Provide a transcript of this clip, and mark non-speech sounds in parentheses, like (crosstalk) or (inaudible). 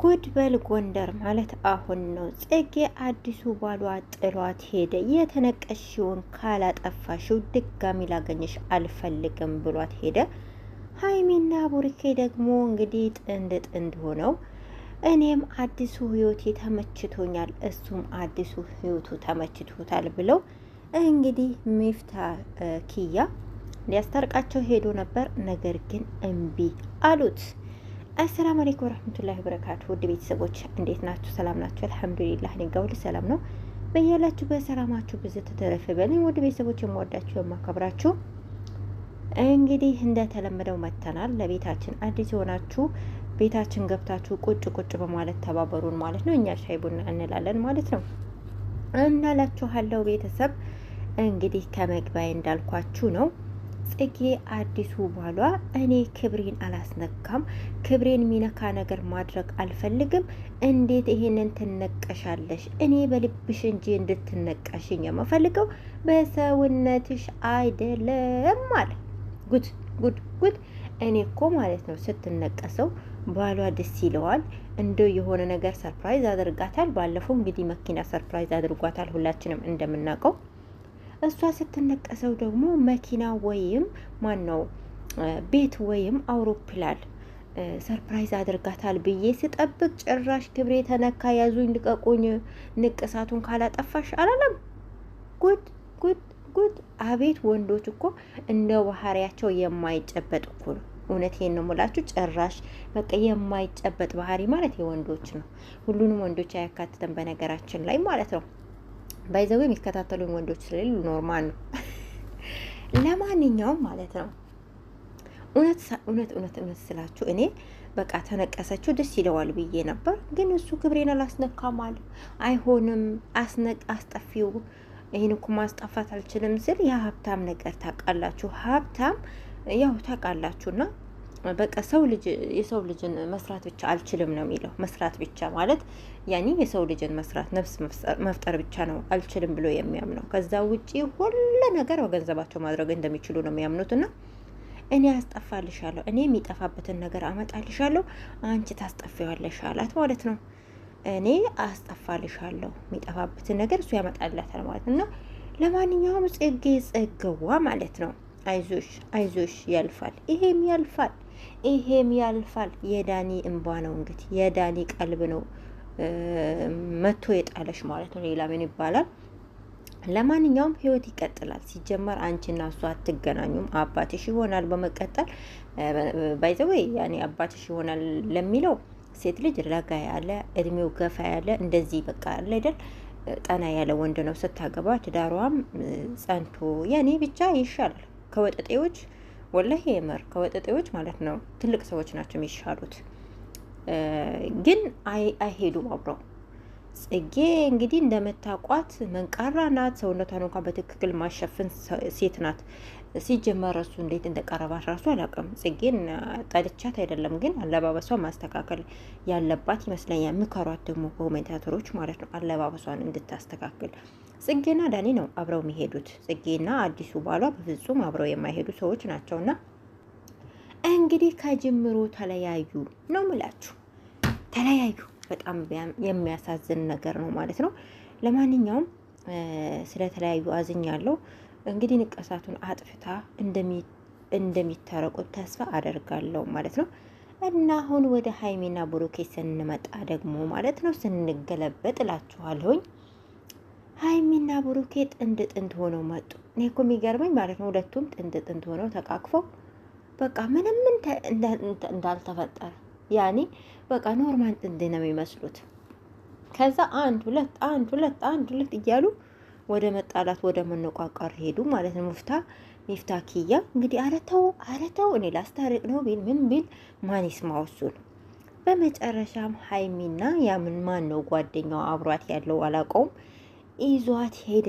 ጉድ በል ጎንደር ማለት አሁን ነው። ጽጌ አዲሱ ባሏ ጥሏት ሄደ። የተነቀሽውን ካላጠፋሽው ድጋሚ ላገኘሽ አልፈልግም ብሏት ሄደ። ሀይሚና ቡርኬ ደግሞ እንግዲህ ጥንድ ጥንድ ሆነው እኔም አዲሱ ህይወቴ ተመችቶኛል፣ እሱም አዲሱ ህይወቱ ተመችቶታል ብለው እንግዲህ ሚፍታ ኪያ ሊያስታርቃቸው ሄዶ ነበር። ነገር ግን እምቢ አሉት። አሰላም አለይኩም ወረህመቱላሂ ወበረካቱ ውድ ቤተሰቦች እንዴት ናችሁ? ሰላም ናችሁ? አልሐምዱሊላህ እኔ ጋር ሁሉ ሰላም ነው። በያላችሁ በሰላማችሁ ብዙ ተተረፈ በልኝ። ውድ ቤተሰቦች የምወዳችሁ የማከብራችሁ፣ እንግዲህ እንደተለመደው መጥተናል። ለቤታችን አዲስ የሆናችሁ ቤታችን ገብታችሁ ቁጭ ቁጭ በማለት ተባበሩን ማለት ነው። እኛ ሻይ ቡና እንላለን ማለት ነው። እናላችኋለሁ ቤተሰብ እንግዲህ ከመግቢያ እንዳልኳችሁ ነው ጽጌ አዲሱ ባሏ እኔ ክብሬን አላስነካም፣ ክብሬን የሚነካ ነገር ማድረግ አልፈልግም። እንዴት ይሄንን ትነቀሻለሽ? እኔ በልብሽ እንጂ እንድትነቀሽኝ የምፈልገው በሰውነትሽ አይደለም አለ። ጉድ ጉድ ጉድ! እኔ እኮ ማለት ነው ስትነቀሰው ባሏ ደስ ይለዋል። እንደው የሆነ ነገር ሰርፕራይዝ አድርጋታል። ባለፈው እንግዲህ መኪና ሰርፕራይዝ አድርጓታል፣ ሁላችንም እንደምናውቀው እሷ ስትነቀሰው ደግሞ መኪና ወይም ማን ነው ቤት ወይም አውሮፕላን ሰርፕራይዝ አድርጋታል ብዬ ስጠብቅ ጭራሽ ክብሬ ተነካ፣ ያዙኝ ልቀቁኝ፣ ንቅሳቱን ካላጠፋሽ አላለም። ጉድ ጉድ ጉድ! አቤት ወንዶች እኮ እንደ ባህሪያቸው የማይጨበጥ እኮ ነው። እውነቴን ነው የምላችሁ። ጭራሽ በቃ የማይጨበጥ ባህሪ ማለት የወንዶች ነው። ሁሉንም ወንዶች አያካትተን በነገራችን ላይ ማለት ነው። ባይዘው የሚከታተሉ ወንዶች ስለሌሉ ኖርማል ነው። (laughs) ለማንኛውም ማለት ነው እውነት እውነት እውነት እውነት ስላችሁ እኔ በቃ ተነቀሰችው ደስ ይለዋል ብዬ ነበር፣ ግን እሱ ክብሬን አላስነካም አለ። አይሆንም አስነቅ አስጠፊው ይህን እኮ ማስጠፋት አልችልም ስል ያ ሀብታም ነገር ታውቃላችሁ፣ ሀብታም ያው ታውቃላችሁና በቃ ሰው ልጅ የሰው ልጅን መስራት ብቻ አልችልም ነው የሚለው። መስራት ብቻ ማለት ያኔ የሰው ልጅን መስራት ነፍስ መፍጠር ብቻ ነው አልችልም ብሎ የሚያምነው። ከዛ ውጪ ሁሉ ነገር በገንዘባቸው ማድረግ እንደሚችሉ ነው የሚያምኑትና እኔ አስጠፋልሻለሁ፣ እኔ የሚጠፋበትን ነገር አመጣልሻለሁ፣ አንቺ ታስጠፊዋለሽ አላት ማለት ነው። እኔ አስጠፋልሻለሁ፣ የሚጠፋበትን ነገር እሱ ያመጣላታል ማለት ነው። ለማንኛውም ጽጌ ጽግዋ ማለት ነው። አይዞሽ አይዞሽ፣ ያልፋል፣ ይሄም ያልፋል ይሄም ያልፋል። የዳኒ እንባ ነው እንግዲህ የዳኒ ቀልብ ነው መቶ የጣለሽ ማለት ነው። ሌላ ምን ይባላል? ለማንኛውም ህይወት ይቀጥላል። ሲጀመር አንቺና እሱ አትገናኙም። አባትሽ ይሆናል በመቀጠል ባይዘወይ ያኔ አባትሽ ይሆናል ለሚለው ሴት ልጅ ረጋ ያለ እድሜው ገፋ ያለ እንደዚህ በቃ አለ አይደል ጠና ያለ ወንድ ነው ስታገባ። ትዳሯም ጸንቶ ያኔ ብቻ ይሻላል ከወጠጤዎች ወላሂ የምር ከወጠጤዎች ማለት ነው ትልቅ ሰዎች ናቸው የሚሻሉት፣ ግን አይሄዱም አብረው ጽጌ እንግዲህ እንደምታውቋት መንቃራ ናት። ሰውነቷን እንኳን በትክክል ማሸፍን ሴት ናት። ሲጀመር እሱ እንዴት እንደቀረባት ራሱ አላውቅም። ጽጌን ጠልቻት አይደለም፣ ግን አለባበሷ ማስተካከል ያለባት ይመስለኛል። ምከሯት ደግሞ ኮሜንታተሮች ማለት ነው፣ አለባበሷን እንድታስተካክል። ጽጌና ዳኒ ነው አብረው የሚሄዱት። ጽጌና አዲሱ ባሏ በፍጹም አብረው የማይሄዱ ሰዎች ናቸውና እንግዲህ ከጅምሮ ተለያዩ ነው ምላችሁ፣ ተለያዩ በጣም የሚያሳዝን ነገር ነው ማለት ነው። ለማንኛውም ስለተለያዩ አዝኛለሁ። እንግዲህ ንቀሳቱን አጥፍታ እንደሚታረቁት ተስፋ አደርጋለሁ ማለት ነው። እና አሁን ወደ ሀይሜና ብሩኬ ስንመጣ ደግሞ ማለት ነው ስንገለበጥ እላችኋለሁኝ ሀይሚና ብሩኬ ጥንድ ጥንድ ሆነው መጡ። እኔ እኮ የሚገርመኝ ማለት ነው ሁለቱም ጥንድ ጥንድ ሆነው ተቃቅፈው በቃ ምንም እንዳልተፈጠረ ያኔ በቃ ኖርማል ጥንድ ነው የሚመስሉት። ከዛ አንድ ሁለት አንድ ሁለት አንድ ሁለት እያሉ ወደ መጣላት ወደ መነቋቋር ሄዱ ማለት ነው። ሙፍታ ሚፍታ ኪያ እንግዲህ አረተው አረተው እኔ ላስታርቅ ነው ቢል ምን ቢል ማን ይስማው እሱን። በመጨረሻም ሀይሚና ያምን ማን ነው ጓደኛው አብሯት ያለው አላቀውም ይዟት ሄደ።